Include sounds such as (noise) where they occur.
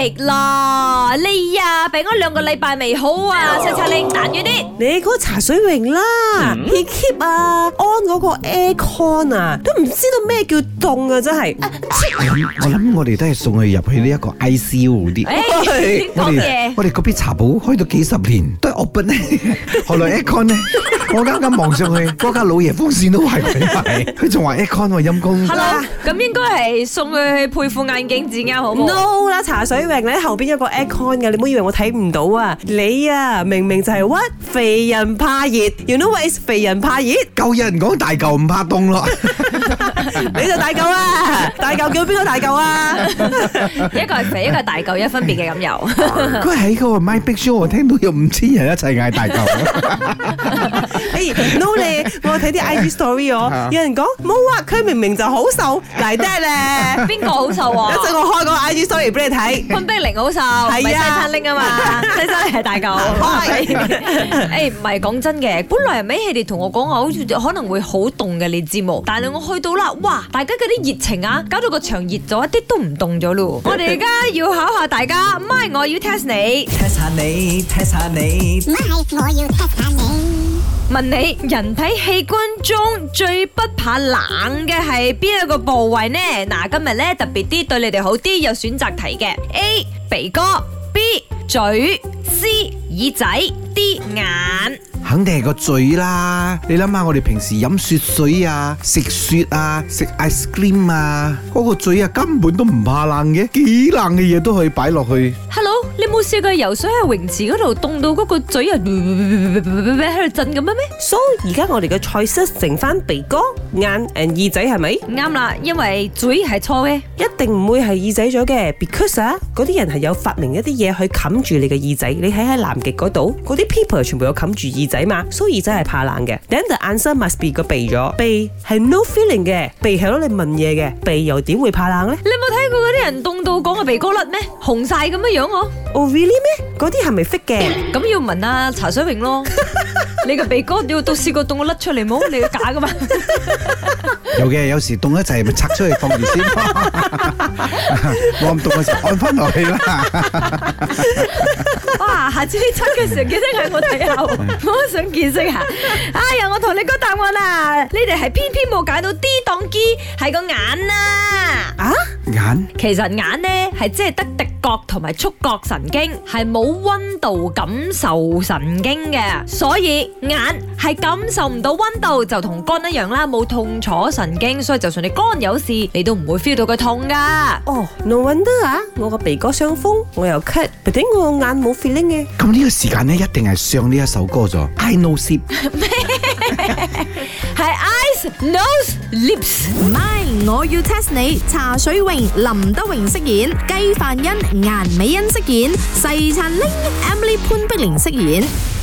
食啦，你啊病咗兩個禮拜未好啊！擦擦你啖遠啲，你嗰個茶水泳啦，heat keep 啊，安嗰個 aircon 啊，都唔知道咩叫凍啊！真係，我諗我哋都係送佢入去呢一個 ICU 好啲。我哋我哋嗰邊茶鋪開到幾十年都 open，後來 aircon 呢，我啱啱望上去嗰間老爺風扇都係，佢仲話 aircon 話陰功。Hello，咁應該係送佢去配副眼鏡至啱好。No 啦，茶水。明你後邊有個 aircon 嘅，你唔好以為我睇唔到啊！你啊，明明就係 what 肥人怕熱，you know what is 肥人怕熱？舊人講大舊唔怕凍咯。 (laughs) 你就大嚿啊！大嚿叫邊個大嚿啊？ (laughs) 一個係肥，一個係大嚿一分別嘅咁有。佢喺嗰個 My Big Show 我聽到有五千人一齊嗌大嚿。 (music) 哎，No 咧，我睇啲 IG story 哦。有人講冇啊，佢明明就好瘦。嚟，爹咧，邊個好瘦啊？等陣我開個 IG story 俾你睇。昆碧玲好瘦，係啊，西餐拎啊嘛，西 (laughs) 餐係大嚿。係。哎，唔係講真嘅，本來阿美佢哋同我講話，好似可能會好凍嘅呢節目，但係我。去到啦，哇！大家嗰啲熱情啊，搞到個場熱咗，一啲都唔凍咗咯。我哋而家要考下大家，My 我要 test 你，test 下你，test 下你，My 我要 test 下你。問你，人體器官中最不怕冷嘅係邊一個部位呢？嗱，今日咧特別啲對你哋好啲，有選擇題嘅。A 鼻哥，B 嘴，C 耳仔，D 眼。肯定係個嘴啦！你諗下，我哋平時飲雪水啊，食雪啊，食 ice cream 啊，嗰個嘴啊根本都唔怕冷嘅，幾冷嘅嘢都可以擺落去。Hello。冇試過游水喺泳池嗰度凍到嗰個嘴又喺度震咁樣咩？So 而家我哋嘅菜式剩翻鼻哥、眼、and 耳仔係咪？啱啦，因為嘴係錯嘅，一定唔會係耳仔咗嘅。Because 嗰、啊、啲人係有發明一啲嘢去冚住你嘅耳仔，你睇喺南極嗰度，嗰啲 people 全部有冚住耳仔嘛。所以耳仔係怕冷嘅。Then the answer must be 個鼻咗，鼻係 no feeling 嘅，鼻係攞嚟聞嘢嘅，鼻又點會怕冷咧？你冇睇過嗰啲人凍到講個鼻哥甩咩？紅晒咁嘅樣哦。Really 咩？嗰啲係咪 fit 嘅？咁要問啊茶水瓶咯，你個鼻哥要到試過凍我甩出嚟冇？你係假噶嘛？有嘅，有時凍一齊咪拆出去放住先咯。我唔凍嘅時候按翻落去啦。哇！下次你拆嘅時候，記得喺我背後，我想見識下。哎呀，我同你講答案啦，你哋係偏偏冇解到 D 檔機係個眼啊！啊，眼？其實眼咧。係即係得觸覺同埋觸覺神經，係冇温度感受神經嘅，所以眼係感受唔到温度，就同肝一樣啦，冇痛楚神經，所以就算你肝有事，你都唔會 feel 到佢痛㗎。哦，no wonder 啊！我個鼻哥傷風，我又咳，點解我個眼冇 feeling 嘅？咁呢個時間咧，一定係上呢一首歌咗。I nose it，係 Eyes, Nose, Lips。我要 test 你，茶水榮林德榮飾演，雞飯欣、顏美欣飾演，細燦玲 Emily 潘碧玲飾演。